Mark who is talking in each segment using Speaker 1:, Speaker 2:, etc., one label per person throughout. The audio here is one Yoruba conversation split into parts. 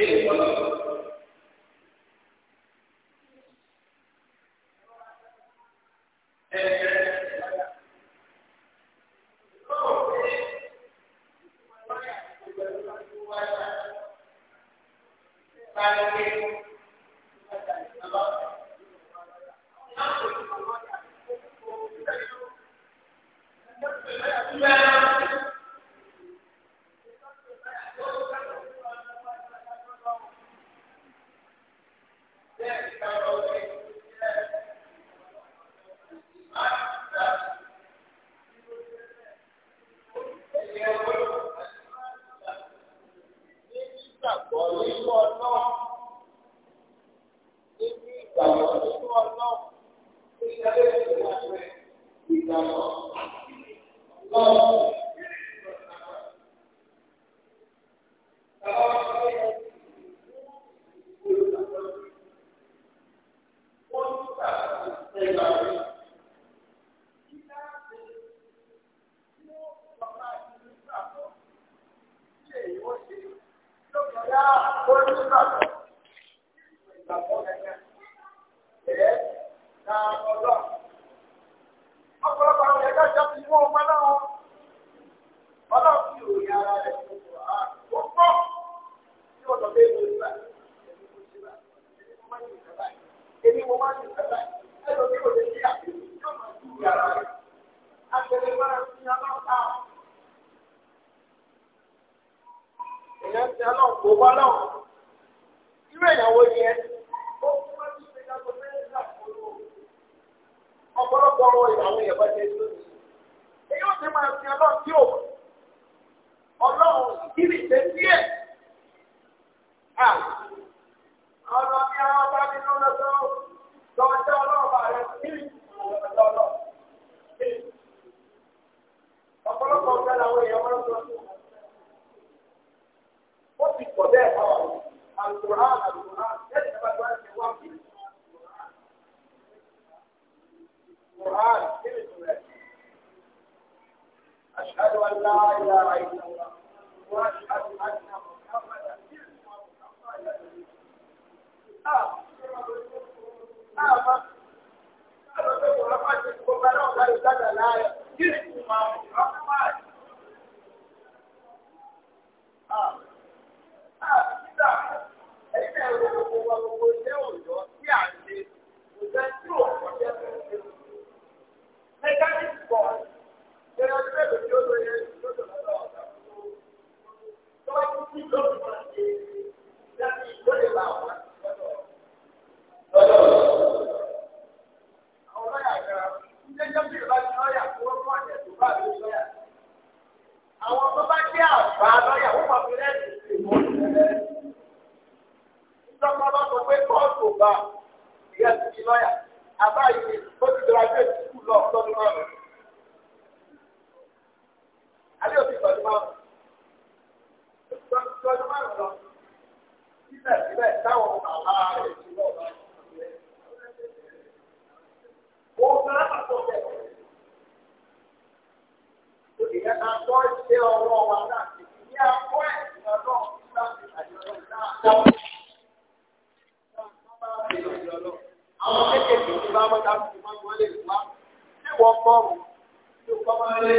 Speaker 1: kéde kọlọ.
Speaker 2: fọ́ọ̀mù tó kọ́ máa lé.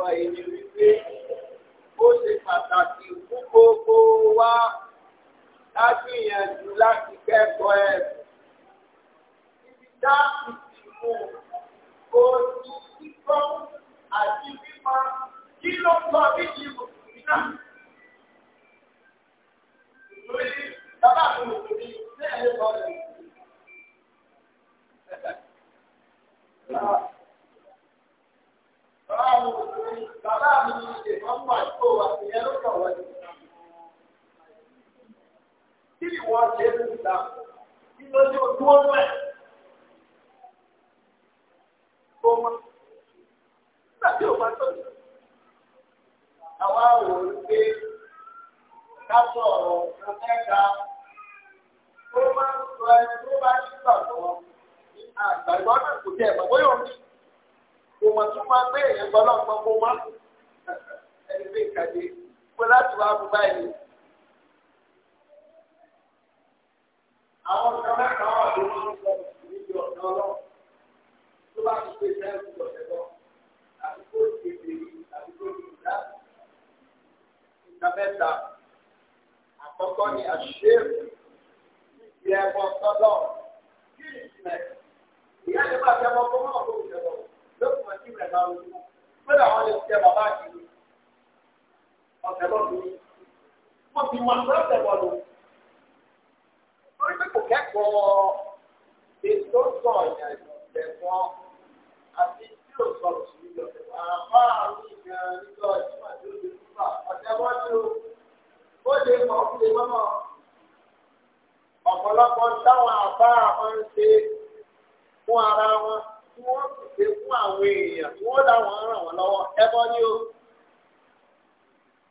Speaker 2: fa èyí wípé ó ṣe pàtàkì fún gbogbo wa láti yànjú láti kẹ́kọ̀ọ́ ẹ̀. Ibi dá ìsìnkú ojú kíkọ́ àti mímọ kí ló sọ bí ti mùsùlùmí náà. Lórí bàbá mi mùsùlùmí náà ló sọ ọ́ lẹ́yìn àwọn òṣèré bàbá mi ní ìmọ̀mú àdúgbò àti ìyẹn ló kàn wọ́n. ó máa ń sọ ẹni tó bá nígbàgbọ́ àgbàgbọ́ náà kò tẹ̀ ẹ̀gbàgbọ́ yóò ní kò mọ̀ tún máa gbé èèyàn gbọ́ náà gbọ́ kó má ẹni bí ìkàdé pé láti wá bú báyìí. àwọn kan mẹ́ta wà ló máa ń sọ níbi ọ̀dọ́ ọlọ́run tó bá ti pè sẹ́yìn fún ọ̀sẹ̀ lọ àti kó tètè àti kó tètè dá. ìka mẹ́ta àkọ́kọ́ ni àṣírí ìdí ẹ̀mọ́ sọ́dọ̀ kí ìjìnlẹ̀ ìyá ìbàdàn ọkọ̀ náà ló ń jẹ lọ lókùn wọn kí rẹ̀ máa ń wú fẹ́rẹ̀ àwọn lè tẹ bàbá àjẹlú ọ̀tẹ̀ lọ́dún yìí wọ́n fi wọn lọ́tẹ̀ wọ̀lú lórí pé kò kẹ́kọ̀ọ́ ètò sọ ìyàn ìgbẹ̀fọ́ àti tí ò sọ̀rọ̀ sí ìjọ àbá àwọn ìgbẹ̀rún níjọ ìjọba tí ó lè fúnpa ọ̀tẹ̀ wọ́n ní o ó lè mọ̀ ó lè mọ̀ ọ̀pọ̀lọpọ̀ táwọn àbá àwọn ń ṣe fún ara wọn tí wọ́n sì ṣe fún àwọn èèyàn tí wọ́n láwọn ràn wọ́n lọ́wọ́ ẹbọ ni ó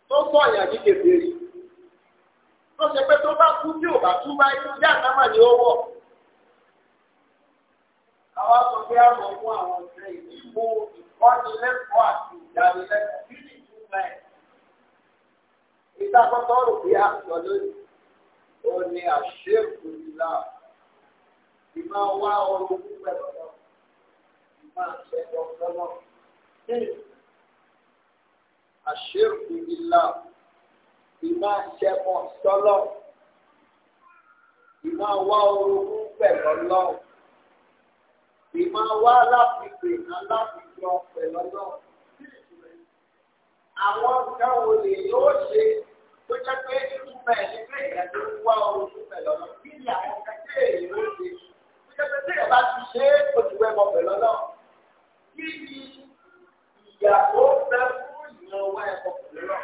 Speaker 2: tó sọ ìyàn ní kèfèrí tó ṣe pé tó bá kú tí ò bá tú bá inú yá àtàmà ni ó wọ̀. àwa sọ pé a mọ̀ fún àwọn ọ̀sẹ̀ ìdíwọ́ ìkọ́nilẹ́kọ̀ọ́ àti ìdánilẹ́kọ̀ọ́ kí ni ìtumọ̀ ẹ̀. ìta kọ́kọ́ rò pé a sọ lónìí ó ní àṣẹ ìkòlìlà ìmọ̀ wá ọrọ̀ òkú pẹ̀lú àṣírùkù ìlà ìmá ṣẹmọ sọlọ ìmá wá orogún pẹ̀lọ́lọ́ ìmá wá láfìgbè aláfìgbọ́ pẹ̀lọ́lọ́ àwọn nǹkan wo lè yóò ṣe tó jẹ́ pé ìtumọ̀ ẹ̀ ní pé ìyá tó ń wá orogún pẹ̀lọ́lọ́ kí ni àwọn nǹkan tí èyí ló ṣe tó jẹ́ pé tí ìyá ti ṣe é kó ti wẹ́ mọ́ pẹ̀lọ́lọ́ kí ni ìyàtọ̀ bẹ fún ìrànwọ́ ẹ̀kọ́ pẹ̀lú náà.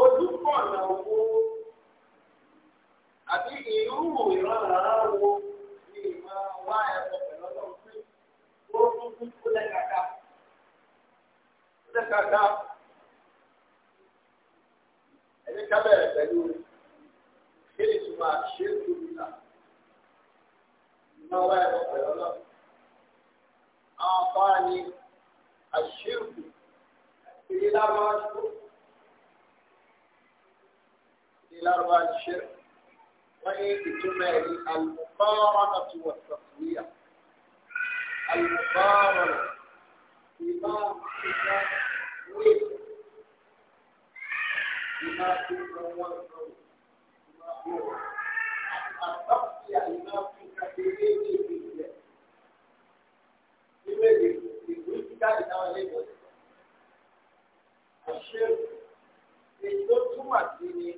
Speaker 2: Ojúkọ̀nà wo àbí irú ìrànlọ́wọ́ wo ni ìmọ̀ wá ẹ̀kọ́ pẹ̀lú náà pé ó tún kú lẹ́kàkà. Lẹ́kàkà ẹni ká bẹ̀rẹ̀ pẹ̀lú kí ni ìtumọ̀ àṣẹ ìtumọ̀ ìlà ìmọ̀ wá ẹ̀kọ́ pẹ̀lú náà. أعطاني الشرك إلى أربعة شهور إلى أربعة شهور وهي المقارنة والتصوير المقارنة بما تسويه بما تسويه بما هو التصفية بما تسويه ìbéèrè ìlú ti jáde náà lẹ́gbọ̀ọ́. àṣẹ èyí tó túmọ̀ sí ni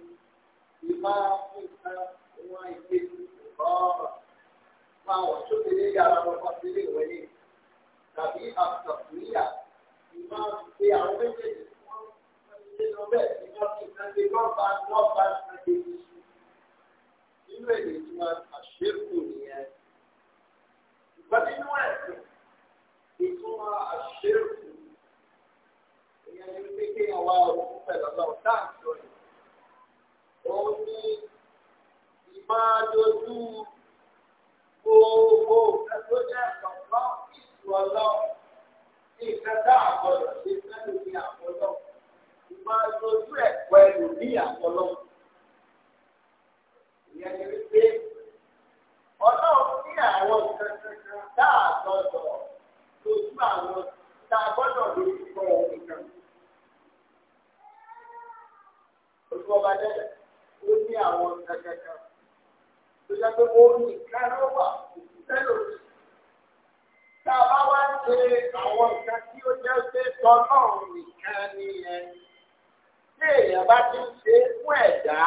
Speaker 2: ìmọ̀ nǹkan wọn ìgbé ọ̀rọ̀ máa wọ̀ tó ti lé yàrá wọn fún abílẹ̀ ìwé ní tàbí àtàkùnìyà ìmọ̀ pé àwọn méjèèjì wọn ti lọ bẹ́ẹ̀ ni wọ́n ti nǹkan ṣe wọ́n bá wọ́n bá nǹkan ṣe nínú èdè ìtumọ̀ àṣẹ́kù nìyẹn. ìgbà nínú ẹ̀sìn ìtumọ̀ àṣẹ́kù ìyẹn ní pípé àwa òkú pẹ̀lú ọlọ́run dáàtọ̀ yìí òun ni ìmáàdójú gbogbo nǹkan tó jẹ́ ọ̀pọ̀ ìtù ọlọ́run ní nǹkan tá àkọlọ̀ sí sẹ́nu ní àkọlọ̀ ìmáàdójú ẹ̀kọ́ ẹ̀rù ní àkọlọ̀ ìyẹn ní pípé ọlọ́run ní àwọn nǹkan kankan dáàtọ̀ lọ nípa àwọn tá a gbọ́dọ̀ lórí kọ́ ọ̀hún kan. Oṣù ọba dẹ́rẹ̀ ó ní àwọn kankan tó jẹ́ pé ó ní káró wà sẹ́lò Tá a bá wá ṣe àwọn nǹkan tí ó jẹ́ pé tọ́lọ́run nìkan ni ẹ. Bí èèyàn bá ti ń ṣe fún ẹ̀dá,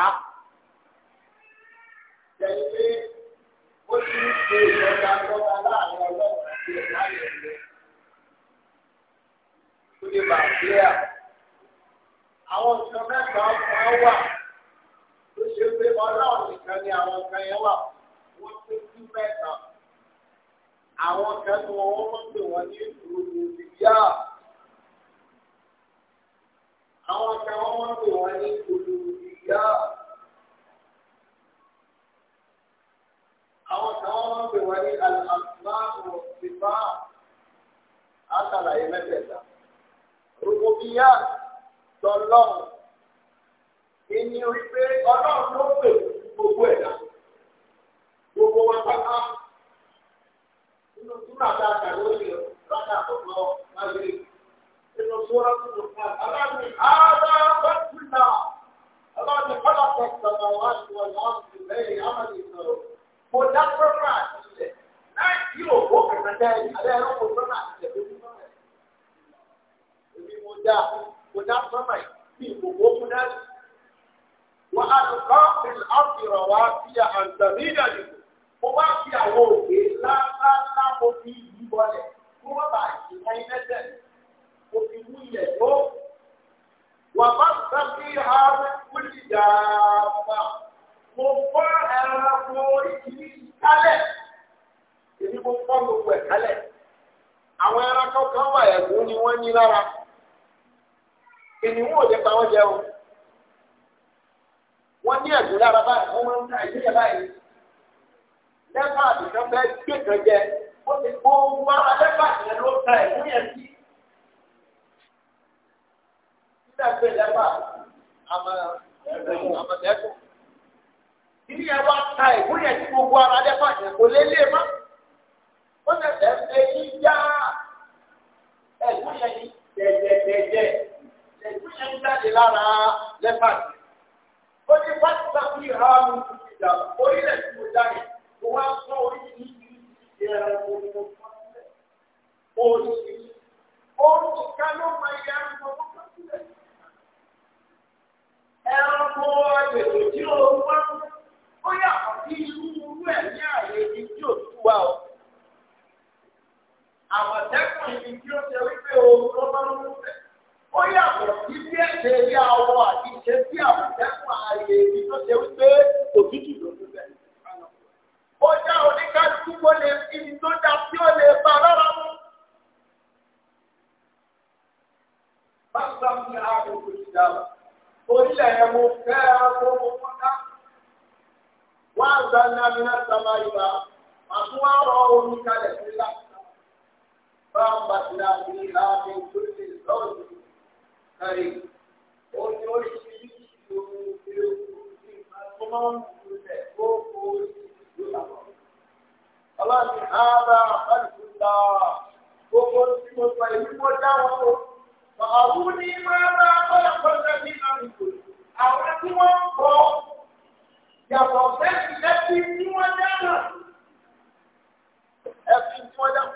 Speaker 2: jẹ́ pé ó ti ń ṣe ìjọba lọ́ba láàárín ọlọ́run àti ẹ̀dá yẹn lè bá àgbéyà. Àwọn nǹkan mẹ́ta kan wà tó ṣe pé ọlọ́run nìkan ni àwọn nǹkan yẹn wà wọ́n tó tú mẹ́ta. Àwọn kan ní wọn wọ́n máa ń pè wọ́n ní ìròyìn ìdíyà. Àwọn kan wọ́n máa ń pè wọ́n ní ìròyìn ìdíyà. àwọn kan wọn bẹ wọn ní alasmaa ọsibaa àtàlàyé mẹ́tẹ̀ẹ̀ta rògbòmíyà lọ́lọ́run èyí rí pé ọlọ́run ló pè gbogbo ẹ̀dá gbogbo wa pátá nínú túnú àtàkà lórí ọ̀sán àkọ́kọ́ lágbè nínú sọ́ra tuntun fún wa aláàbí ààbá wẹ́tìlá aláàbí kọ́lápọ̀ sọ̀rọ̀ wá sí wọn lọ́wọ́ sí lẹ́yìn amadi sọ̀rọ̀ mo dá pẹ́pẹ́ àti ilẹ̀ láì kí òwò kẹ̀kẹ́ dẹ́yìn alẹ́ ẹ̀rọ kò sọ́nà àti ìjẹ̀bú. الهدى ونظمي في قلوبنا وألقى في الأرض رواسي أن تميد بكم mo wá fi àwọn òkè ńláńláńlá anzalna minas samai ìgbà àtúwá rọ omi kalẹ̀ sí láti bá ń bàtìlá sí láàbí tó lè lọ́ọ̀dù kárí ó ní oríṣiríṣi ohun tí ó kú sí ìfàkọ́mọ́ọ̀mù rẹ̀ ó kó oríṣiríṣi lọ́wọ́. ọlọ́ọ̀ni ààbà àbálùkúta gbogbo tí mo sọ èyí mo dá wọn o. Àwọn ní máa bá ọlọ́pàá ní àmì àwọn tí wọ́n ń bọ̀ yàtọ̀ bẹ́ẹ̀ni ẹbí tí wọ́n dáná ẹbí tí wọ́n dáná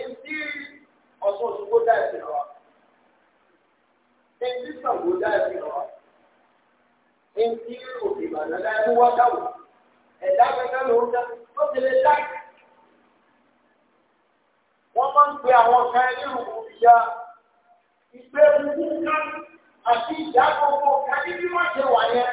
Speaker 2: ẹbí Ọ̀ṣun Òṣogbo dá ẹbí rẹ̀ wá ẹbí Ṣàngó dá ẹbí rẹ̀ wá ẹbí òkè Ìbàdàn dá ẹbí wá dáwọ̀ ẹ̀dá kankan ló ń dá tó ti lè dá wọ́n máa ń pe àwọn kan ẹni rògbò ìyá ìgbẹ́ gbogbo kan àti ìdá gbogbo kan ní wọ́n ṣe wà yẹn.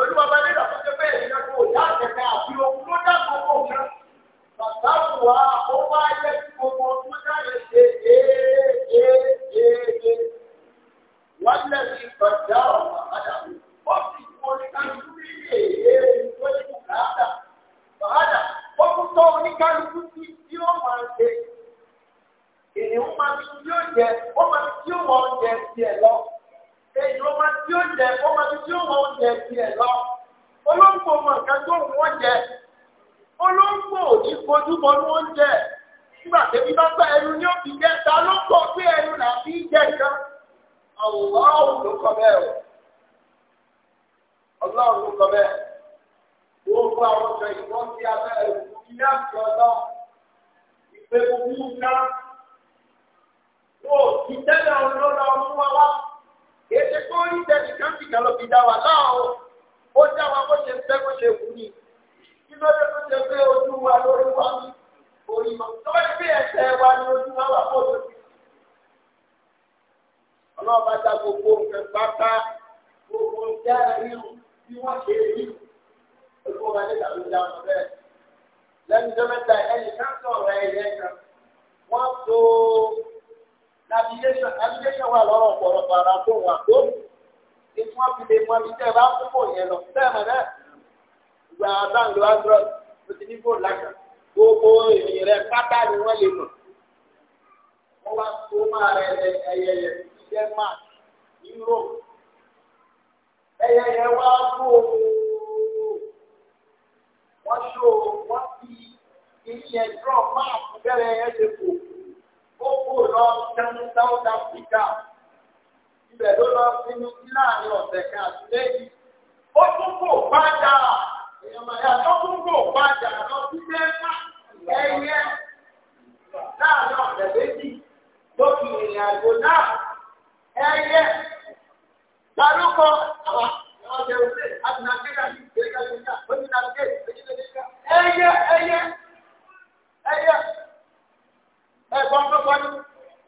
Speaker 2: olúwa bá nígbà tó ṣe bẹ́ẹ̀ yẹn kó dá kẹ̀kẹ́ àti ohun ló dá gbogbo nǹkan bàbá wa ó wá yẹ kí gbogbo tó dáre ṣe é é é é wálé ní bàjá ọ̀. ní South Africa ibẹ̀ ló lọ sínú láàrin ọ̀sẹ̀ kan àti lẹ́yìn ó tún kò padà èèyàn màyà tó tún kò padà lọ sí mẹ́fà ẹyẹ láàrin ọ̀sẹ̀ méjì ló fi ìrìn àjò náà ẹyẹ lárúkọ àwọn ọ̀sẹ̀ Nàìjíríà ní ó ní Nàìjíríà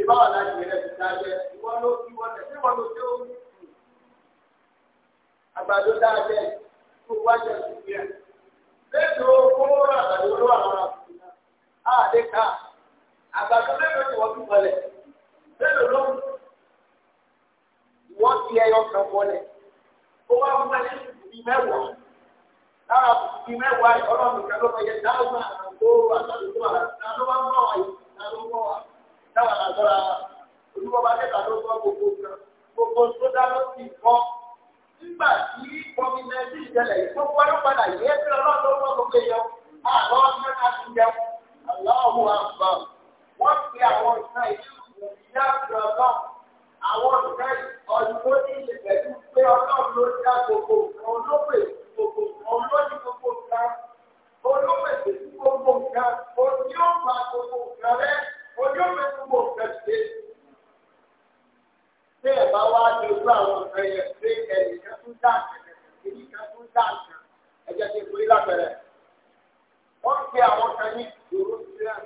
Speaker 2: ìbá wà láti yẹrẹ ti dájẹ ìwọ ló fi wọn tẹ síwọ ló tó ń sùn àgbàdo dájẹ tó wájẹ tó fi ẹ lẹ́nu kóró àgbàdo ló àwọn àbùkù náà àdé ká àgbàdo lẹ́nu tí wọ́n fi wọlé lẹ́nu ló wọ́n fi ẹyọ kan wọlé ó wá fún ẹni bí mẹ́wàá lára bí mẹ́wàá ọlọ́run kan ló fẹ́ yẹ dáhùn àwọn kóró àgbàdo tó wà láti náà ló wá mọ́ àyè náà ló mọ́ àyè táwọn àgbọ̀ra olúwọ́ba tẹ̀ka ló gbọ́ gbogbo kan gbogbo tó dáná sí ìfọ́ nígbà tí omi nàìjí ìjẹlẹ̀ ìfowó wáyé padà yé kí ọlọ́run ló gbọ́ gbogbo èèyàn àlọ́ ọdún náà ti jẹun àlọ́ àgbà wọ́n fi àwọn ìtàn ìlú ìyá ọlọ́run àwọn ìtàn ọdún tó ní ilẹ̀ pẹ̀lú pé ọlọ́run ló dá gbogbo nǹkan olóògbé gbogbo nǹkan olóòdì gbogbo nǹkan olóògbé gbogbo nǹkan òní ó ojú mi kú mọ̀ kẹ́sìdé. Ṣé ẹ bá wá ní ojú àwọn ọ̀rẹ́ yẹn pé ẹnìkan tún dáǹkà ẹnìkan tún dáǹkà ẹ̀jẹ̀ ti kú lábẹ́rẹ́. Wọ́n fi àwọn kan ní ìṣòro sílẹ̀.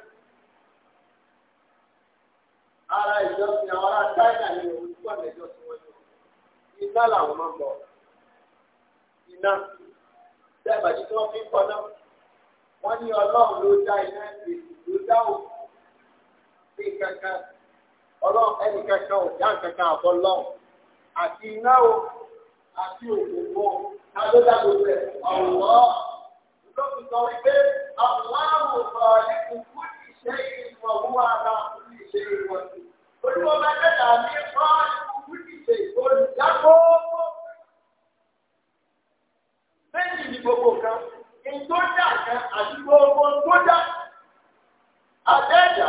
Speaker 2: Ara ìjọsìn àwọn ará China ni òun tó ọ̀nà ìjọsìn wọn jù. Iná làwọn máa ń bọ̀. Iná. Ṣé ìbàdí tí wọ́n fi ń kọ́ náà? Wọ́n ní ọlọ́run ló dá iná ìgbè ló dá òkú sí kankan ọlọ́run ẹnì kankan ò já kankan àbọ̀ lọ́run àti iná o àti òkòkò adódàgbò rẹ̀ ọ̀wọ́ lọ́kùnrin wípé aláwọ̀ ọ̀rẹ́ kò kú ìṣe ìwọ̀ wúwa náà kú ìṣe ìwọ̀ sí. olùwọ́ba dẹ́ta ní ọ̀rẹ́ kò kú ìṣe olùdágbò. méjì ni gbogbo kan ìtọ́jà kan àti gbogbo tó àtẹ́jà.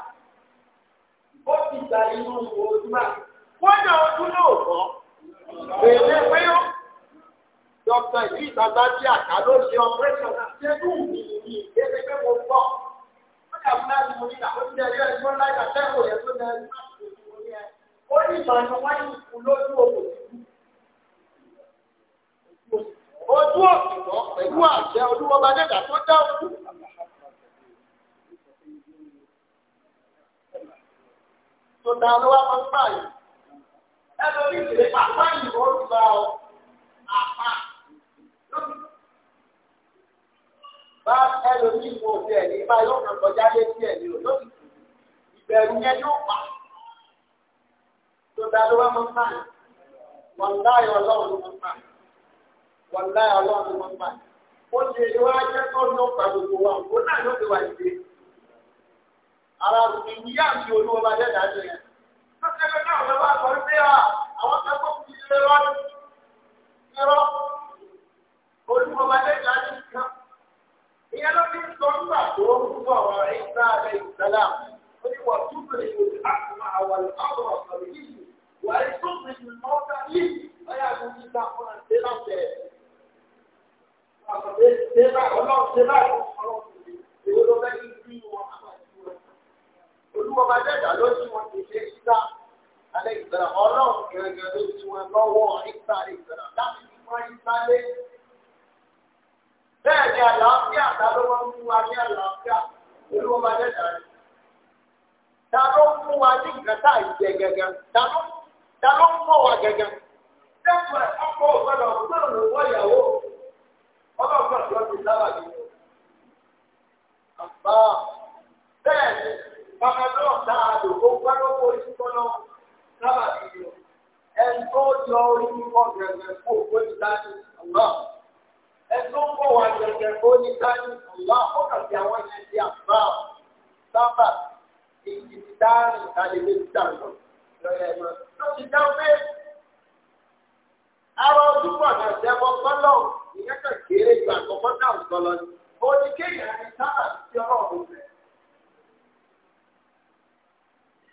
Speaker 2: ó ti gba inú ojúmọ́ kódà ojú náà mọ́ èlé péyó dókítà yìí bàbá tí àká ló ṣe ọpẹ́sọ̀n ṣẹ́dú mi ní ìgbésẹ̀ pé mo gbọ́ kódà fúnra mi mo ní ìlà ó ti dẹ̀ yọ ẹ̀gbọ́n láì àtẹ́wò yẹn tó dẹ̀ ẹ̀gbọ́n láti ṣe ìwé yẹn ó ní ìbànú wáyé ìkú lójú òkú ojú òkú pẹ̀lú àṣẹ olúwọ́ba dẹ́gbà tó dá òkú. tó da ló wá mọ nípa yìí ẹnu ní ìdílé pápá yìí ó ti gba ọ àpá lóbi bá ẹnu ní ìwọ òde ẹ̀ ní bá yóò kàn kọjá lé sí ẹ̀ ní o lóbi ìbẹ̀rù yẹn yóò pa tó da ló wá mọ nípa yìí wọn láyọ̀ ọlọ́run ló mọ nípa yìí wọn láyọ̀ ọlọ́run ló mọ nípa yìí ó ṣe ìwádìí ẹ̀kọ́ ní ọ̀pá gbogbo wa òun náà ló ti wà nílé ara ìwúyà àti olúwa bá dẹ́ dájú yẹn. lọ́sẹ̀kẹ̀ náà lọ́wọ́ àgbọ̀ ń pé àwọn akẹ́kọ̀ọ́ kù sí ẹ̀rọ ẹ̀rọ olúwa bá dẹ́ dájú kan. ìyẹn ló fi ń sọ nígbà tó ń bọ̀ ọ̀rọ̀ ìgbà rẹ̀ ìgbàlá ó ní wọ́n tún bèrè ìwé àkùnmọ̀ àwọn àwọn ọ̀sọ̀rọ̀ yìí wà á tún bèrè ìmọ̀ ọ̀gá yìí ọ̀yà kò ní ìgbà fún àti láti ẹ̀ Àwọn ọ̀dọ́ ṣe báyìí ọlọ́run ṣe báyìí ọlọ́run ṣe èwo ló fẹ́ kí n bí wọn olúwọba dẹ́gbà ló ti wọn kì í ṣe ṣíṣá alẹ́ ìgbàlá ọlọ́run gẹ̀rẹ́gẹ̀ ló ti wọn lọ́wọ́ ìgbà ìgbàlá láti fi wọ́n ìgbà lé. bẹ́ẹ̀ ni àlàáfíà ta ló wọ́n fún wa ní àlàáfíà olúwọba dẹ́gbà rẹ̀. ta ló fún wa ní nǹkan tá ìjẹ gẹ́gẹ́ ta ló ń mọ̀ wá gẹ́gẹ́. dẹ́gbà ọkọ̀ ọ̀gbọ́dọ̀ gbọ́dọ̀ wọ ìyàwó ọlọ́gbọ̀dọ̀ bàbá náà tá a lò ó gbá lọ́wọ́ orí kọ́ náà sábà ti lò ẹni tó yọ orí kíkọ́ gẹ̀gẹ̀ kó o ní dání ọ̀la ẹni tó ń bọ̀ wá gẹ̀gẹ̀ kó o ní dání ọ̀la ó kà sí àwọn ẹni tí a bá sábà ìdìbò dání ìdánilé ìyẹn kàn kéré ju àkọ́kọ́ náà sọ lọ ní. sábà ti ọlọ́run rẹ̀.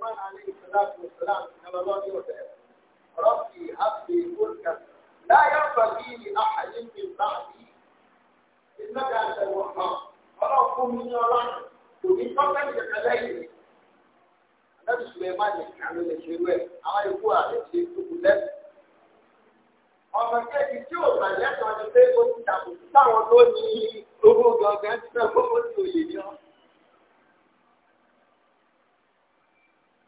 Speaker 2: سليمان عليه الصلاة والسلام كما الله يوسف ربي هب لي ملكا لا ينبغي لأحد من بعدي إنك أنت الوهاب ọlọ́run mi ní ọlọ́run kò ní tọ́pẹ́ ìjẹ̀kẹ́ lẹ́yìn Ànábì Suleiman nìkan ló lè ṣe wẹ̀ àwọn ikú àti ṣe tókù lẹ́sìn. ọmọ kéèkì tí
Speaker 1: ò bá lẹ́sọ̀
Speaker 2: ni pé ó ti dàbò sí táwọn tó ní owó gangan tí wọ́n ti òye ní wọn.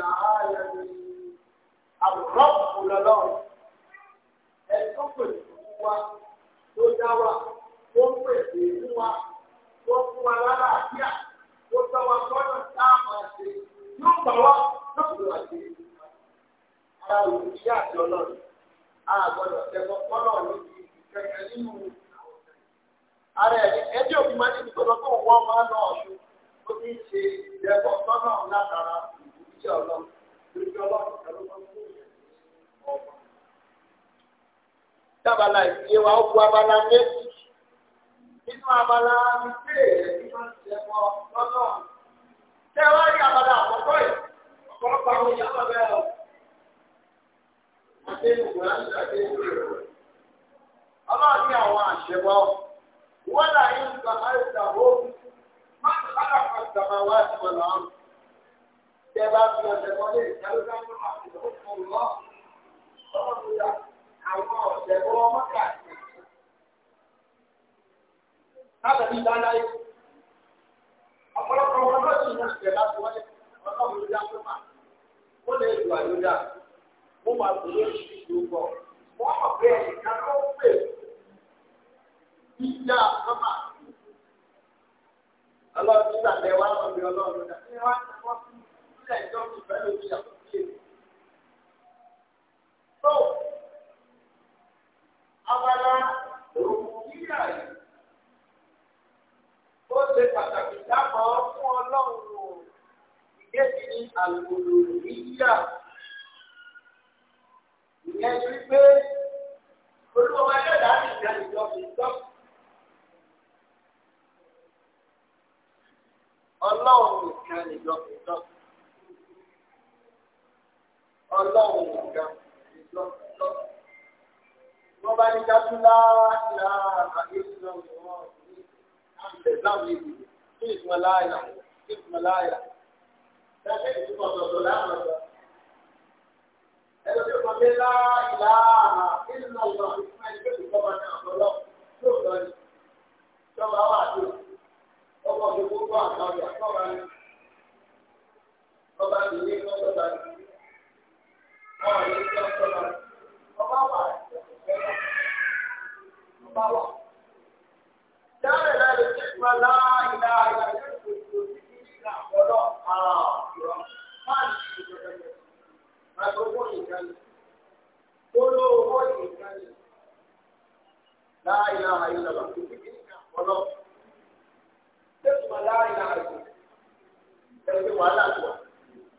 Speaker 2: na wa tó dá wa tó wa tó fún wa tó tọ́ wa tá a máa ṣe yóò gbà wá lọ́pọ̀ wá sí i. ara òṣìṣẹ́ àti ọlọ́run a gbọ́dọ̀ tẹ́kọ̀ kọ́lọ̀ lójú kẹ̀kẹ́ nínú àwọn ọ̀sẹ̀. ara ní ìgbọ́dọ̀ wọ́n máa ń lọ ọ̀ṣun ó ti ìjẹ́ ọlọ́run wa ó bu abala méjì nínú abala ilé rẹ̀ tí wọ́n ti lẹ̀ lọ́nà. tẹ́ wá rí abala àkọ́kọ́ yìí ọ̀pọ̀lọpọ̀ àwọn èèyàn lọ bẹ́ẹ̀ o.
Speaker 1: àdéhùn kò láti ṣàdéhùn rẹ̀
Speaker 2: àwọn àṣẹ wọn là ń gbà máa ń tẹ bá fi ọ̀sẹ̀ kan lé ìdájọ́ sáwọn àti ìdókòwò lọ. Ọmọ mi ra àwọn ọ̀sẹ̀ tó wọ́n mọ́kà sí. Láti fi dá láyé. Ọ̀pọ̀lọpọ̀ wọn náà sì ń ṣẹ̀ láti wọlé. Ọ̀sán mi ra tó mà. Ó lè lu àlùdà. Mo máa gbé lórí ìlú bọ̀. Wọ́n mọ̀ pé ẹnìkan ló ń pè. Ìjà sọ́mà. Ọlọ́run nígbà tẹ wá lọ́dún ọlọ́run náà tẹ̀ ìjọ kù fẹ́ lómi ìyàwó sí èmi. tó abala òkú yíyà yìí ó ṣe pàtàkì dábọ̀ fún ọlọ́run o ìgbésí ní àlùkòlò yíyà ìyẹn ọlọ́run nìkan ìjọsìn wọ́n bá ní kájúlá ìlà àgbéṣinà wọn ní àbẹ̀láwọ̀ èdè ní ìtumọ̀láyà ní ìtumọ̀láyà dákẹ́ ìtumọ̀ ọ̀dọ̀dọ̀ láwọn ọ̀dọ̀ ẹ̀dọ̀ tó kọ́ pé lá ìlà àgbéṣinà wọn ní ìtumọ̀ ìjọba náà lọ́lọ́ yóò lọ ní ìjọba wà tó ọkọ̀ tó gbogbo àgbà ọ̀dọ̀ àkọ́ra ní ọba ìdílé ọ̀dọ̀ bá wàhálà tó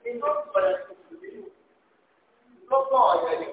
Speaker 2: ìjọba ìṣòwò lọ́pọ̀ ọ̀yà ni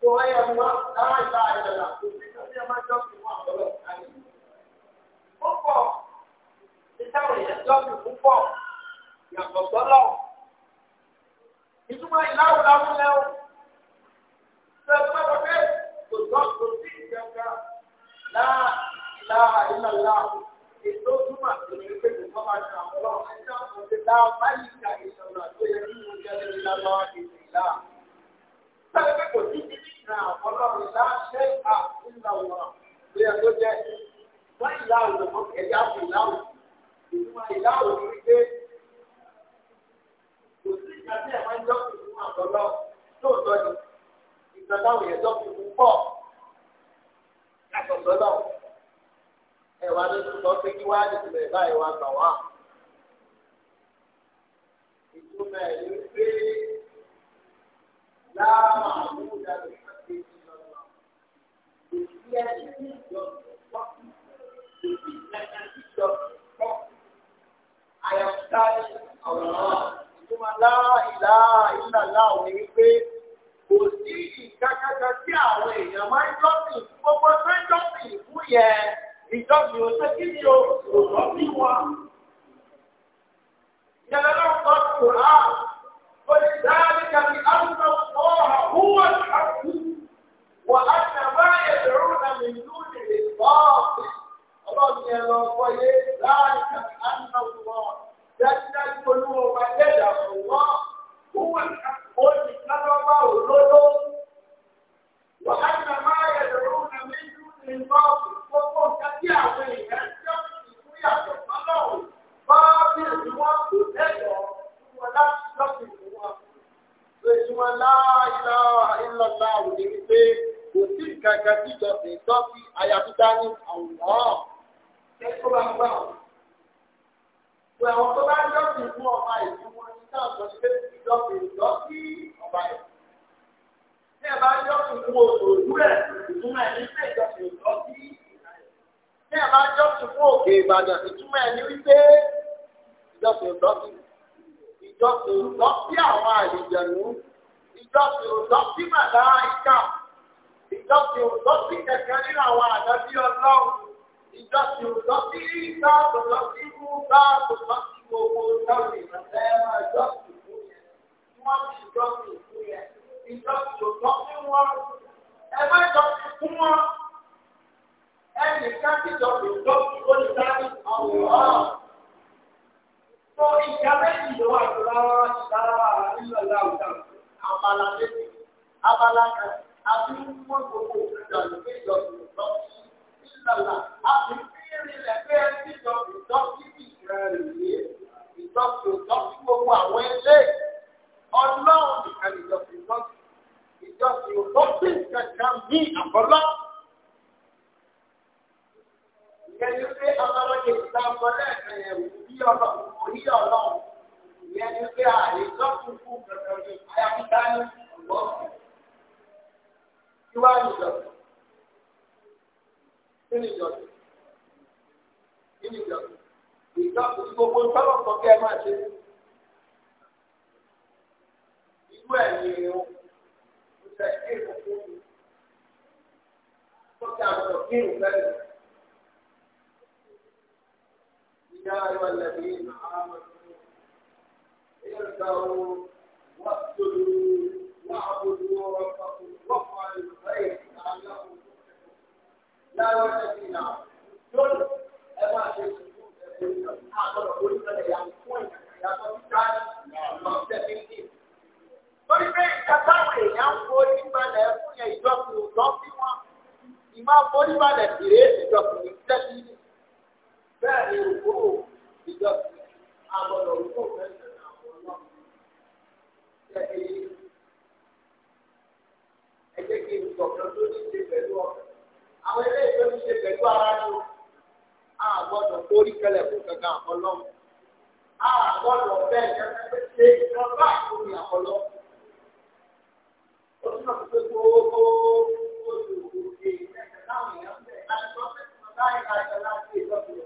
Speaker 2: tó wáyé ọdún wa lára ìlà ìlànà kò sí kí ọdún máa jọ́ fún àwọn ọ̀rọ̀ àyè. ó pọ̀ títà òyìnbó jọ́ fún púpọ̀ yàtọ̀ sọ́lọ̀. ìtumọ̀ ìláwọ̀ láwọn lẹ́wọ̀ sọ̀tọ̀ pé kò sọ kò sí ìjọba
Speaker 1: lára ìlà ìlànà
Speaker 2: ètò túmọ̀ ìrìn pé kò sọ́ máa nǹkan àkọ́lọ́run láṣẹ àfihàn ló yẹ kó jẹ́ wọ́n ìlàwọ̀ lọ́mọ ẹ̀yà fún ìlàwọ̀ ìdúmọ̀ ìlàwọ̀ ní wípé kò sí ìgbà tí ẹ̀ máa ń jọ́sìn fún àkọ́lọ́ lóòótọ́ ni ìgbà táwọn yẹn jọ́sìn fún pọ̀ yàtọ̀ sọ́lọ́ ẹ̀ wá ló sọ pé kí wá ní ìbẹ̀rẹ̀ báyìí wá gbà wá. ìtumọ̀ ẹ̀ ní pé láàmú àmúdàlẹ̀. ذلك بأن الله هو الحق وأن ما يدعون من دون الباطل ọlọ́run yẹn lọ gbọ́yé láàrín àná wọn dájúdájú olúwo máa dẹ́dà fún wọn. sọ lẹ́ẹ̀kan yẹn òbí ọlọ́run òbí ọlọ́run ìyẹn ni pé àyè lọ́kùn fún kankan ní ayáfíkà ní ọ̀gbọ́n kí wàá nìjọba kí nìjọba kí nìjọba ìjọba gbogbo ìtọ́lọ̀ sọ kí ẹ máa ṣe irú ẹ̀ ní irun ìṣẹ̀lẹ̀ ìrùn fún mi tó kí àwọn ọ̀gbìn ìrùn fẹ́ẹ́ يا أيها الذين آمنوا ارجعوا واسجدوا واعبدوا ربكم وافعلوا الخير لعلكم تفلحون يا أيها الذين آمنوا قل أما شئتم أعظم قول فلا يعرفون يعرفون Torí pé ìjàmbá èèyàn ń forí balẹ̀ fún ìjọkùn lọ́sí wọn. Ìmọ̀ forí balẹ̀ kìí ṣèjọkùn ní tẹ́lifí bẹ́ẹ̀ ni òkú ìjọsìn àgbọ̀dọ̀ òkú mẹ́sàn-án àwọn ọlọ́run jẹ́ èyí. ẹ jẹ́ kí n sọ̀kan tó ní ṣe pẹ̀lú ọ̀rẹ́ àwọn eléyìí tó ní ṣe pẹ̀lú ara ni àgbọ̀dọ̀ orí kẹlẹ̀ fún kankan àkọlọ́run àgbọ̀dọ̀ bẹ́ẹ̀ kẹ́kẹ́ ṣe ìjọba àkómi àkọlọ́ ó túnbọ̀ pé gbogbo oṣù òkè ìjẹ̀kẹ̀ láwọn èèyàn bẹ̀ láti lọ́sẹ̀ tó láì láti láti ìjọba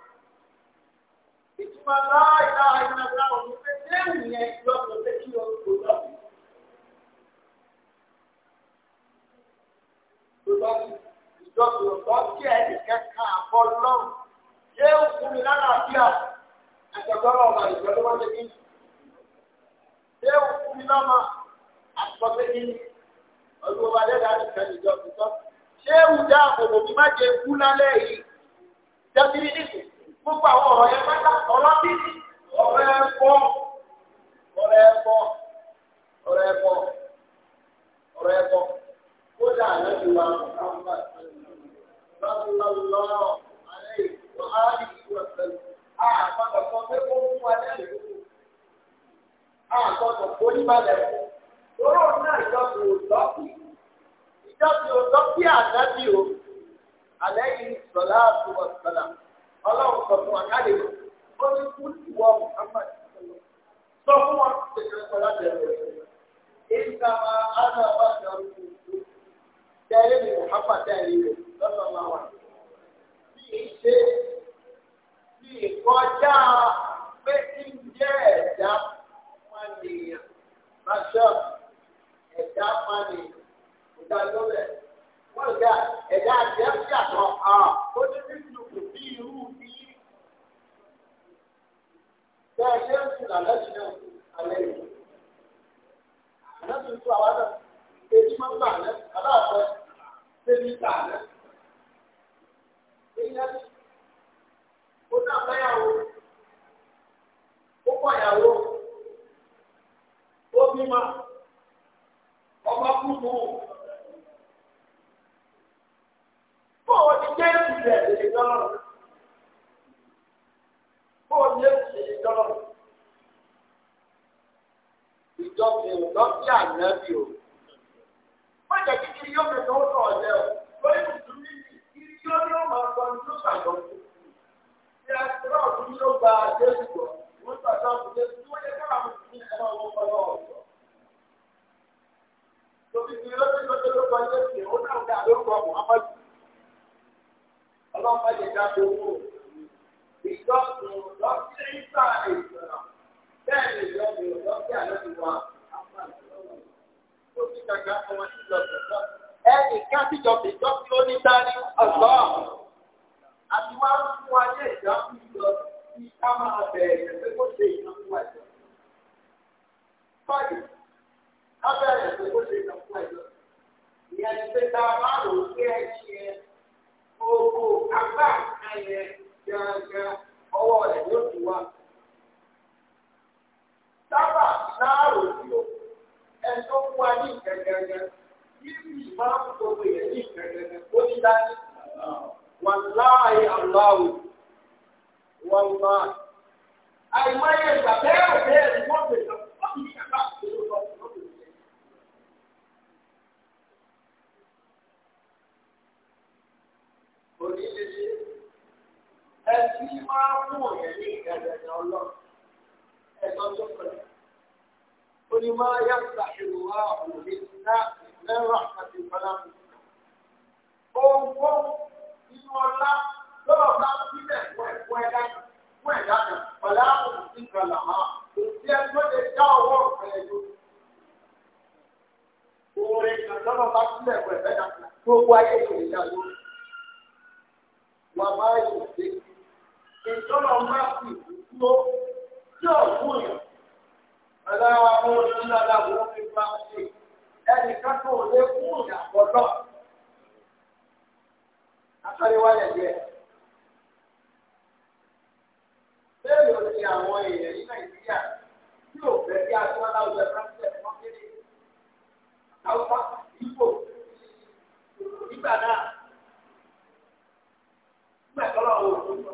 Speaker 2: ìtumọ̀ láìlá ìlànà òní pé léwu yẹn lọ́sọ̀ pé kí o kò lọ sí. Ìjọba ọ̀tọ̀ tí ẹ̀ nìkan kan àbọ̀ lọ́rùn yóò fún mi lálàáfíà àtọ̀gbọ́rọ̀ ọ̀la ìjọba wọn lébi. Yóò fún mi lọ́mọ àtọ̀gbẹ́ni ọdún ọba dẹ́dá nìkan ìjọba ọ̀tọ̀. Ṣé ìwúdà àbòbò mi má jẹ kú lálẹ́ yìí? Jẹ́bi ní ìsìn gbogbo àwọn ọ̀rọ̀ yẹn pátá ọ̀rọ̀ bí ọ̀rọ̀ ẹ̀fọ́ ọ̀rọ̀ ẹ̀fọ́ ọ̀rọ̀ ẹ̀fọ́ ọ̀rọ̀ ẹ̀fọ́ kódà àlejò wa mọ̀tàmùbà lọ́lọ́lọ́ alẹ́ ìlú ààyè ìlú ọ̀sẹ̀lẹ̀ àgbọ̀dọ̀ sọ pé ó mú wa lẹ́yìn lóko àgbọ̀dọ̀ oníbalẹ̀ fún lóró náà ìjọba òdọ́kì ìjọba òdọ́kì àdábì o alẹ́ sọ̀lá àtúwọ̀ sọ̀lá ọlọ́run sọ fún wa káde ó ní kú ìwọ muhammad sọ fún wa tètè ń sọlá bẹ̀rẹ̀ rẹ̀ ìgbà máa ádá bá ti ọdún tó tó tẹ̀lé ní muhammad tẹ̀lé rẹ̀ lọ́sọ̀ máa wà bí i ṣe bí ìkọjá pé kí n jẹ́ ẹ̀dá máa nìyàn máṣọ́ ẹ̀dá máa nìyàn kò dá lóbẹ̀ wọ́n gbà ẹ̀dá àti ẹ̀fíà kan á. Ah! bẹ́ẹ̀ ṣe ń sùn lálẹ́ jù náà alẹ́ yìí. Àná tún tún àwa náà èyí máa ń bà lẹ́ aláàbọ̀ débi ìgbà lẹ́. Ilé ó náà fẹ́yàwó ó pàyàwó ó bímọ ọmọ kúkú. Bọ́ọ̀ jẹ́ ìpìlẹ̀ èdè náà. Bọ́ọ̀ jẹ́ ìpìlẹ̀ jọ́lọ́. Ìjọsìn lọ́sí ànábì o. Má jẹ́ kí kiri yóò fẹsẹ̀ ó sọ ọ̀lẹ́ o. Lórí mùsùlùmí ni kiri yóò ní ọmọ ọgbọ́n ní tó ṣàjọ fún. Ṣé àtúrà ọdún yóò gba Jésù gbọ́? Wọ́n ṣàjọ fún Jésù tí wọ́n yẹ káwọn mùsùlùmí ẹ̀ máa wọ́n fọlọ́ ọ̀dọ́. Lórí ti lọ́sí lọ́sí ló gba Jésù, ó náà dá lórúkọ Mùhámmádù ìjọsìn ọ̀dọ́sí ìgbà ìjọba bẹ́ẹ̀ ni ìjọsìn ọ̀dọ́sí àlejò wa tó ti kàkà ọmọ ìjọsìn ọ̀dọ́. ẹnì kan ti jọ ìjọ tí ó ní dání ọ̀dọ́ àti wá fún wa ní ìjọ tí ìjọ tí ká máa bẹ̀rẹ̀ pé kó ṣe ìjọ fún wa ìjọ. Fọ́ọ̀dì ká bẹ̀rẹ̀ pé kó ṣe ìjọ fún wa ìjọ. ìyẹn ti pé gángan ọwọ́ rẹ̀ yóò ti wá. sábà láàrò sí o ẹni tó fún wa ní nǹkan gángan yíyí máa ń gbogbo yẹn ní nǹkan gángan ó ní dání. wàláì aláwò wàláì àìmọye ìgbà bẹ́ẹ̀ bẹ́ẹ̀ ni wọ́n pè é. ẹtì máa mú òyìn ní ìgbàgbọ́ ọlọ́run ẹ̀sọ́ tó pẹ̀lú. ó ní máa yá ìgbàgbọ́ wa òní ná lẹ́rọ àti ìfọlámù. ohun kó inú ọlá lọ́wọ́ bá sílẹ̀ fún ẹ̀kọ́ ẹ̀dá fún ẹ̀dá kan pẹ̀lú àwọn òṣìṣẹ́ làmá kò sí ẹgbẹ́ lè dá owó ọ̀fẹ́ ẹ̀dọ́. orin kan lọ́wọ́ bá sílẹ̀ fún ẹ̀dá kan gbogbo ayé ìrìnàjò wà máa yọ̀ ìjọba ń bá fi ìdúró tí ọ̀gbọ́n yẹn ẹ̀rọ àwọn onídàáda wọn fi bá ṣe ẹnì kankan ò lè fún ìyà gbọ́dọ̀ àtọ́ríwáyẹ̀ díẹ̀. Bẹ́ẹ̀ni o ní àwọn èèyàn ní Nàìjíríà tí ò fẹ́ kí aṣọ́lá ọ̀gbẹ́ pásítẹ̀ wọ́n kéde àwùjọ ìbò nígbà náà nígbà tó lọ́wọ́ òkú lọ.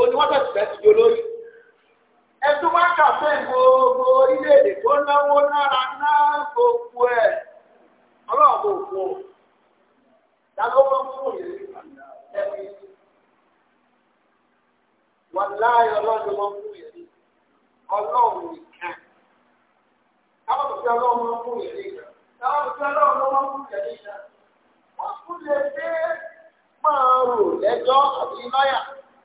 Speaker 2: òní wọ́n tẹ̀sí fẹ́ ti di olórí. ẹtún wá kàfé gbogbo orílẹ̀-èdè tó náwó nára náà gbogbo ẹ̀ ọlọ́run kò fún o dáná wọn fún yẹn ẹ̀mí wọn láàyè ọlọ́run wọn fún yẹn ọlọ́run nìkan káwọn tó fi ọlọ́run wọn fún yẹn nìkan káwọn tó fi ọlọ́run wọn fún yẹn nìkan wọ́n lè dé máa rò lẹ́jọ́ àti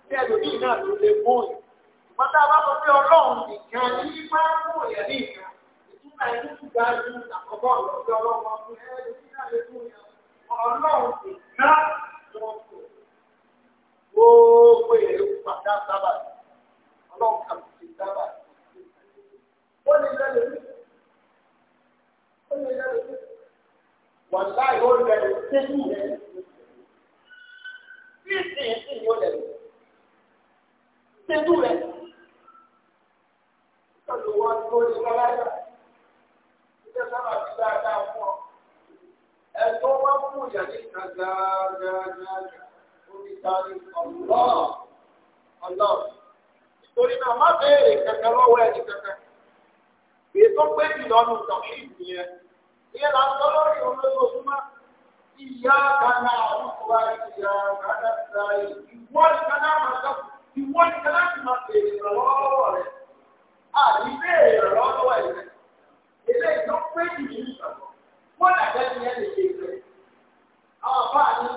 Speaker 2: tí ẹlòmíì náà ló lè bóyì wọn tá a bá sọ pé ọlọ́run nìkan ní máa ń bóyà ní ìkan ìtumọ̀ ẹni tó ga ju àkọ́kọ́ ọ̀lọ́dọ̀ ọlọ́run ọdún ẹlòmíì náà lè bóyà ọlọ́run nìkan ni wọ́n kọ̀ gbogbo èrè pàdá sábà ọlọ́run kà sí sábà ó lè lẹ́lẹ̀ ó lè lẹ́lẹ̀ wọ́n láì ó lẹ́lẹ̀ sẹ́yìn rẹ̀ ní ìsìn ìsìn yóò lẹ́lẹ̀ tẹ́tù rẹ̀. Ìtọ́jú wọn tó lè lọ láyà. Ìjẹ́ sábà ti dáadáa fún ọ. Ẹ̀tọ́ máa ń mú ìyá ní ìta gáàgáàgáà. Omi ta ni ọ̀lọ́ ọ̀lọ́. Ìtorí náà má béèrè kẹ̀kẹ́ lọ́wọ́ ẹni kẹ̀kẹ́. Bí tó pé ìlọ́nu tọ̀kì ìyẹn. Ìyẹn là ń sọ lórí olóyè Osúmá. Ìyá kaná àwọn ọkùnrin ìyá kaná ìgbà ìwọ́n kaná máa dọ̀kù ìwọ ni kan láti máa bèèrè ìrànlọ́wọ́ lọ́wọ́ rẹ̀ àbí bèèrè ìrànlọ́wọ́ lọ́wọ́ rẹ̀ ilé ìtọ́ pé ìlú ìṣọ̀rọ̀ wọ́n dàgbẹ́ ti yẹn lè ṣe ìfẹ́ àwọn àbá ni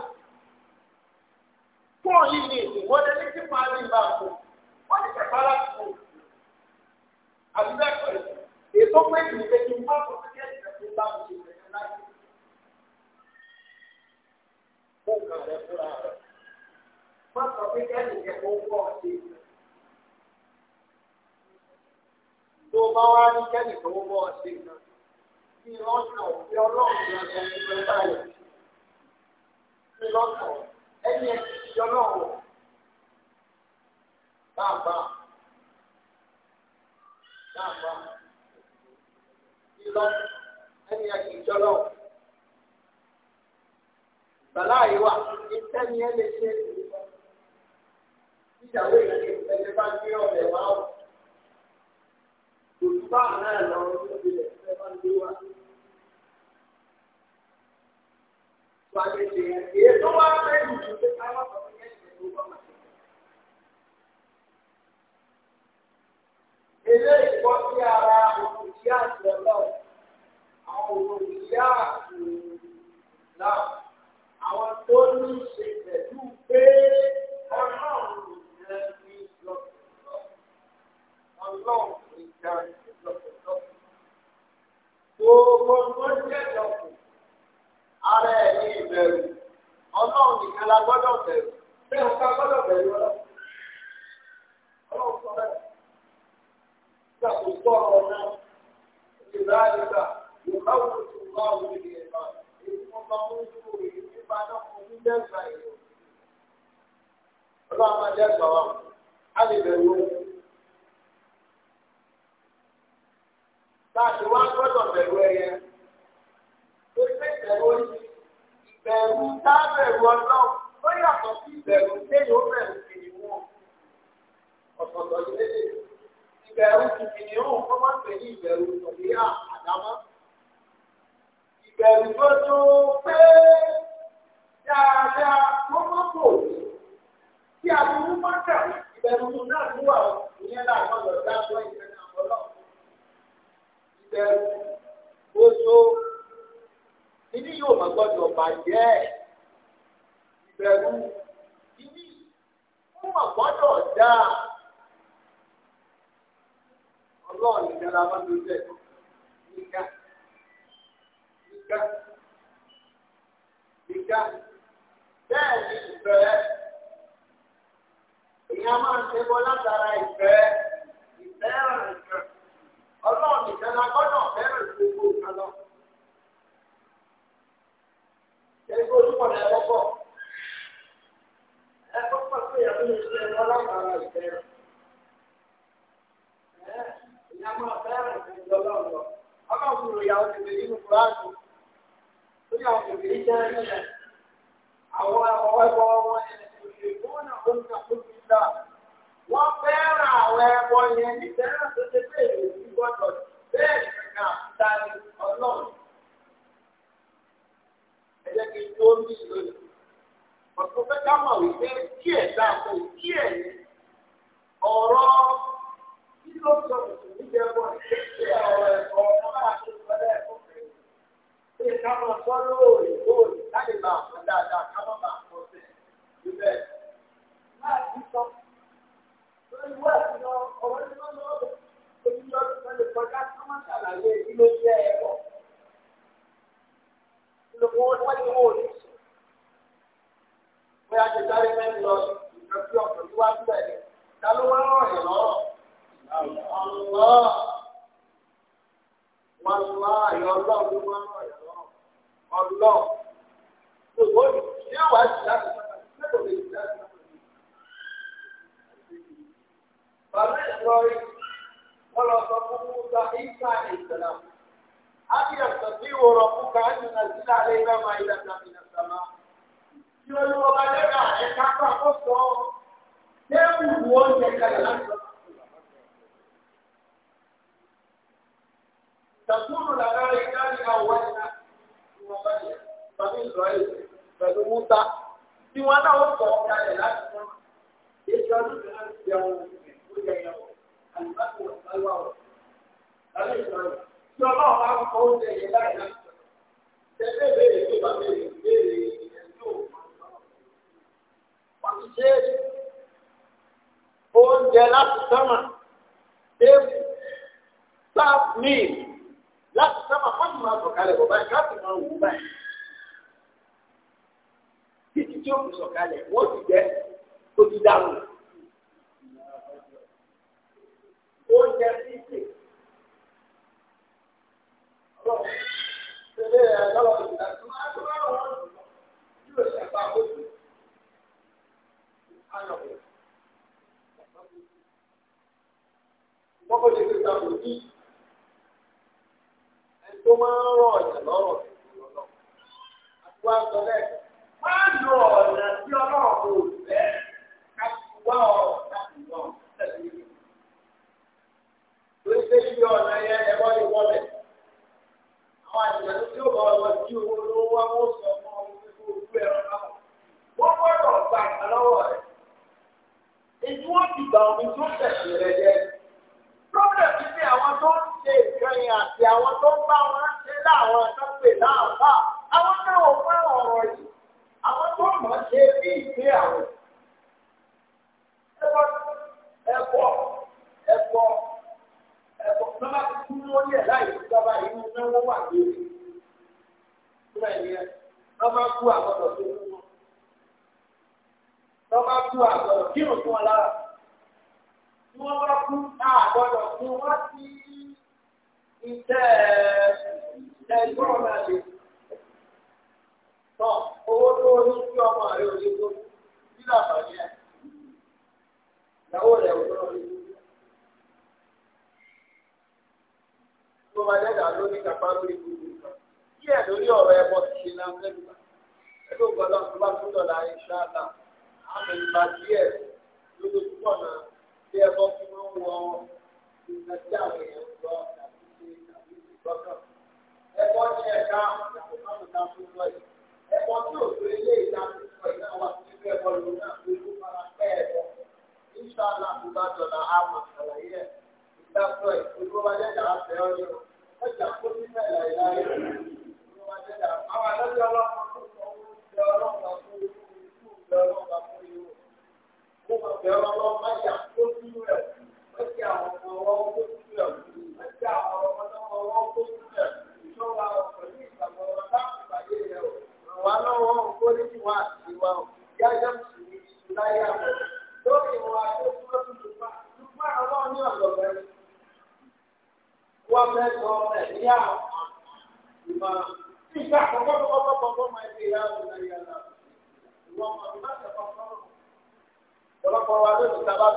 Speaker 2: fún yìí ni ìwọ́de ní kí máa rí ìbá fún wọ́n ti tẹ̀pá láti fún àbí bẹ́ẹ̀ pẹ̀lú ètò pé ìlú kejì wọ́n sọ pé kí ẹ̀sìn ẹ̀sìn bá ṣe ìfẹ́ láti má sọ pé kẹ́lì kẹ́kọ̀ọ́ pọ̀ sí i. tó bá wá ní kẹ́lì kẹ́kọ̀ọ́ pọ̀ sí i náà kí lọ́nà òfin ọlọ́run ní ọjọ́ ìgbẹ́ báyìí kí lọ́nà ẹni ẹni ìjọ náà wọ̀ dáàbà dáàbà kí lọ́nà ẹni ẹni ìjọ náà wọ̀. Bàláyé wà ní sẹ́ni ẹ ṣe ìlú ìyàwó ìrẹ̀lẹ̀ ẹ̀jẹ̀ bá gbé ọ̀rẹ́ Àwọn tó ní ṣe pẹ̀lú pé. Alone. nínú kúránù tó ní àwọn kèfèrí jẹ́ ẹ̀rẹ́ àwọn ọwọ́ ẹ̀bọ wọn ìgbóhùn náà ó ń ta fún dá wọ́n fẹ́ràn àwọn ẹ̀bọ yẹn ní fẹ́ràn tó ṣe gbọ́dọ̀ bẹ́ẹ̀ ọlọ́run kí n tó ọ̀tún fẹ́ ká mọ̀ wípé ó yẹ ká máa sọ lóòrè lóòrè láti bá àwọn dáadáa ká má bàa sọ sí i bẹ́ẹ̀. máa ti sọ lórí wá ìlọ ọ̀rọ̀ ní wọ́n lọ́wọ́ onílọ́ ìfẹ́ lè kọjá kí wọ́n ṣàlàyé kí ló jẹ́ ẹ̀rọ. lóko wọ́n ní wọ́n ò ní sọ. bóyá ti sáré mẹ́rin lọ ìrẹsì ọ̀pọ̀ níwájú ẹ̀ ta ló wá rọ̀ yẹn lọ́rọ̀. ọ̀nà wọn lọ àyọ̀ ọlọ́run ló wá ọlọ gbogbo yóò wá sí láti mẹ́tò lè sí láti mẹ́tò lè. bàbá ìsọrí wọn lọ sọ fún musa isa ìsẹlẹ àti ẹsẹ tí ìwò rọ fún ká ẹni náà sí láti ẹgbẹ́ máa ilẹ nàbí nà sàmà. tí olúwa bá dẹ́gbà ẹ̀ka kó àkóso tẹ́wù wọ́n yẹ kalẹ̀ láti lọ. تكون لنا رجال أولنا sami israel pẹ̀lú musa tí wọn náà sọ kalẹ̀ láti mọ èyí ọdún tí wọn ti àwọn olùkọ́ yẹn wọ alimami wọ aluwa wọ sami israel tí ọmọ ọmọ akọ oúnjẹ yẹn láì láti sọ tẹsẹ béèrè tó bá béèrè béèrè ẹni tó wọn ti ṣe oúnjẹ láti sọmọ dé sáà míì láti sábà wọ́n ti máa bọ̀ báyìí láti máa wù báyìí. títí tí ó fi sọ̀kalẹ̀ wọ́n ti jẹ́ tó ti dáhùn. oúnjẹ sí ṣe pé ta tó máa ń rọ̀ ọ̀yàn lọ́rọ̀ lọ́rọ̀. Àtiwá sọ bẹ́ẹ̀, máa ń lo ọ̀nà tí ọlọ́run kò fẹ́ ká ti wá ọ̀rọ̀ ká ti wọ̀ tẹ̀lé mi. Lórí pé ibi ọ̀nà yẹn ẹ̀rọ lè wọlé. Àwọn àjẹ̀lú tí ó bọ̀ ọ̀rọ̀ tí owó ló wá mú sọ fún ọmọ fífún ojú ẹ̀rọ náà. Wọ́n gbọ́dọ̀ gbà lọ́wọ́ rẹ̀. Èyí wọ́n ti gbà omi tó tẹ̀sí rẹ̀ jẹ. Lọ́dọ̀ ti fi àwọn tó ń ṣe nǹkan yẹn àti àwọn tó ń bá wọn ṣe láwọn àtọ́pẹ̀ láàbá àwọn táwọn bá ọ̀rọ̀ yìí àwọn tó mọ̀ ṣe bí ìpín àwọn. ẹ̀kọ́ ẹ̀kọ́ ẹ̀kọ́ lọ́ba ti kú lórí ẹ̀ láì ìjọba inú náwó wà lórí. Bẹ́ẹ̀ ni ẹ lọ́ba kú àgọ́dọ̀ tó kú wọn. Lọ́ba kú àgọ́dọ̀ kírun fún wọn lára. Tí wọ́n bá kú àgọ́dọ̀ tí wọ́n ti iṣẹ́ iṣẹ́ lè tọ́ owó tó ní kí ọmọ rẹ ò lè tó nínú àbáyé ẹ̀ ìyàwó rẹ ò lọ́rọ̀ lè tó tó máa dẹ́gbà lórí kápá lórí gbogbo nǹkan díẹ̀ lórí ọ̀rọ̀ ẹbọ ti ṣe náà lẹ́nu ẹgbẹ́ ògbọ́dọ̀ tó bá tún dọ̀la iṣẹ́ àgbà àmì ìgbà díẹ̀ lójoojúmọ̀ náà bí ẹbọ fi máa ń wọ ìgbà tí àwọn èèyàn ń gbọ́ ẹ̀kọ́ ní ẹ̀ka yàtọ̀ sáwọn ìta tó sọ yìí ẹ̀kọ́ tí ò tó ilé ìta tó sọ yìí náà wà sí ilé ẹ̀kọ́ lòun náà tó ikú fara pẹ́ ẹ̀kọ́ níṣà láti bá dọ̀là àmọ̀ ṣàlàyé ẹ̀ ìta sọ yìí olúwàjẹ́dà àfẹ́ ọ̀yọ́ ọjà kó nípa ìlà ìlà yìí olúwàjẹ́dà àwọn àlọ́jọ́ ọlọ́run tó sọ ohun ìjọ ọlọ́run bá fún ọ̀pọ̀lọpọ̀ wa lónìí tá a bá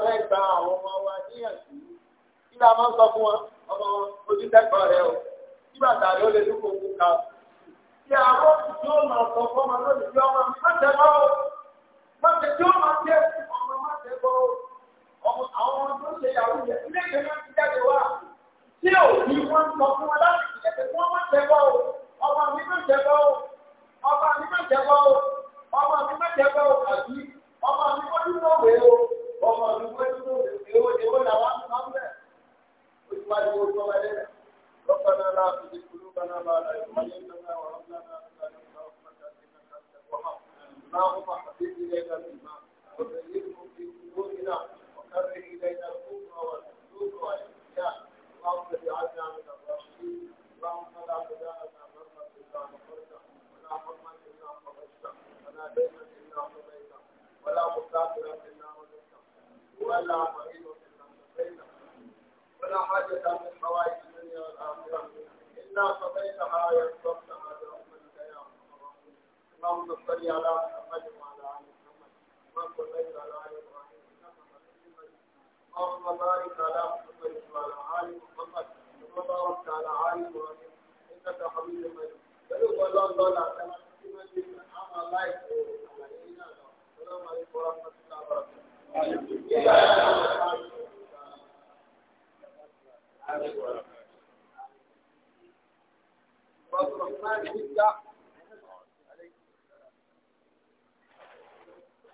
Speaker 2: fẹ́ gba àwọn ọmọ wa níyànjú kí máa ń sọ fún wọn ọmọ ojú tẹ́kọ̀ọ́ rẹ o kí bàtà rẹ ó lè dúkọ̀ òkú ká o. Ṣé àwọn òṣìṣẹ́ yóò máa sọ fún ọmọ lónìí bí ọmọ má tẹ́ bọ́ o? Má tẹ́ tí ó máa tẹ́ ọmọ má tẹ́ bọ́ o. Ọmọ àwọn ọmọ tó ń ṣe ìyàwó yẹn ilé ìgbẹ́ náà ti jáde wá. Tí òbí wọn sọ fún wọn láti fi ṣẹ́ṣẹ́ fún ọmọ tẹ́ bọ́ o. Ọmọ mi má tẹ́ bọ́ o. Ọmọ mi má tẹ́ bọ́ o. Ọmọ mi má tẹ́ bọ́ o àbí ọmọ mi mọ́jú lóòwé o. Ọmọ mi mọ́jú lóòwé o. Èwo làwọn máa ń bẹ̀? الله وصلى ربنا لا تزغ قلوبنا بعد إذ هديتنا وهب لنا من لدنك رحمة إنك أنت الوهاب اللهم حبب إلينا الإيمان وزينه في قلوبنا وكره إلينا الكفر والفسوق والعصيان اللهم اجعلنا من الراشدين اللهم لا تدع لنا ذنبا إلا غفرته ولا حرما إلا فرجته ولا دينا إلا قضيته ولا مستعجلا إلا رزقته ولا مريضا اللهم بارك على محمد وعلى آل محمد كما باركت على آل إبراهيم إنك حميد مجيد اللهم صل على محمد وعلى آل محمد كما باركت على آل إبراهيم إنك حميد مجيد السلام عليكم ورحمة الله وبركاته Thank you.